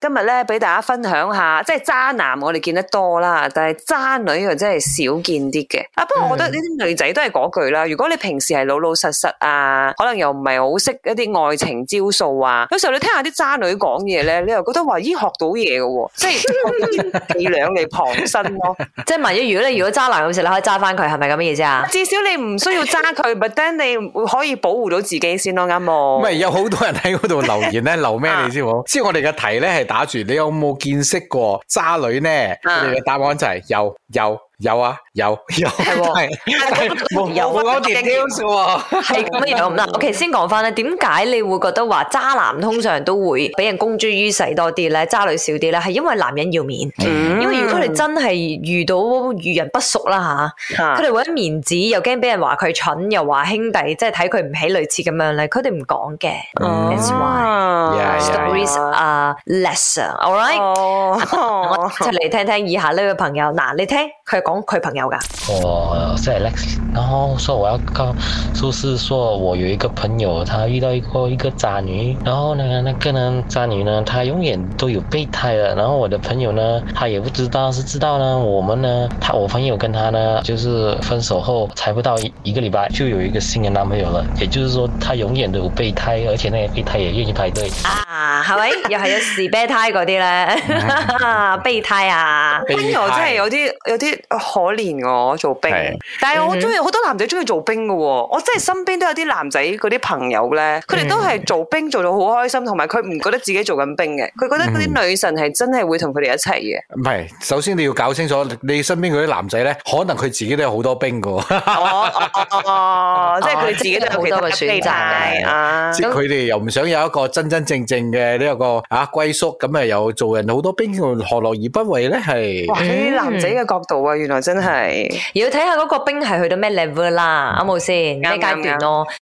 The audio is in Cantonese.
今日咧，俾大家分享下，即係渣男我哋見得多啦，但係渣女又真係少見啲嘅。啊，不過我覺得呢啲女仔都係嗰句啦。如果你平時係老老實實啊，可能又唔係好識一啲愛情招數啊，有時候你聽下啲渣女講嘢咧，你又覺得話咦學到嘢嘅喎， 即係畀兩你旁身咯、啊。 即係萬一如果你如果渣男好時，你可以揸翻佢，係咪咁嘅意思啊？ 至少你唔需要揸佢，咪 等你可以保護到自己先咯、啊，啱唔啱？唔係有好多人喺嗰度留言咧， 留咩你、啊、知冇？即係我哋嘅題咧係。打住！你有冇見識過渣女呢？你、yeah. 嘅答案就係有，有。有啊，有有係，有講 detail 啫喎，係 咁、 就是、樣。嗱 ，OK，先講翻咧，點解你會覺得話渣男通常都會俾人公諸於世多啲咧，渣女少啲咧？係因為男人要面，mm. 因為如果佢哋真係遇到遇人不淑啦吓，佢哋為咗面子又驚俾人話佢蠢，又話兄弟，即係睇佢唔起類似咁樣咧，佢哋唔講嘅。That's why stories 啊，lesson，all、yeah. right，我就嚟聽聽以下呢位朋友，嗱，你聽佢。講佢朋友㗎，我姓 Alex，然後說我要告訴，就是說我有一個朋友，他遇到一個一個渣女，然後呢，那個呢，渣女呢，她永遠都有備胎了，然後我的朋友呢，他也不知道是知道呢，我們呢，他我朋友跟他呢，就是分手後才不到一個禮拜就有一個新的男朋友了，也就是說，他永遠都有備胎，而且那些備胎也願意排隊，啊，係咪？又係有備胎嗰啲咧，備胎啊，朋友真係有啲有啲。可憐我做兵，是但係我中意好多男仔中意做兵嘅、哦。我真係身邊都有啲男仔嗰啲朋友咧，佢哋都係做兵，做到好開心，同埋佢唔覺得自己做緊兵嘅，佢覺得嗰啲女神係真係會同佢哋一齊嘅。唔係，首先你要搞清楚，你身邊嗰啲男仔咧，可能佢自己都有好多兵嘅。哦 哦、oh, oh, oh, oh, oh, mm -hmm. 即係佢自己都有好、oh, 多嘅選擇、啊。即係佢哋又唔想有一個真真正正嘅呢個啊歸宿，咁啊又做人好多兵何樂而不為咧？係哇、喺、mm -hmm. 男仔嘅角度啊。原來真係，要睇下嗰個冰係去到咩 level 啦，啱冇先咩階段囉。啊。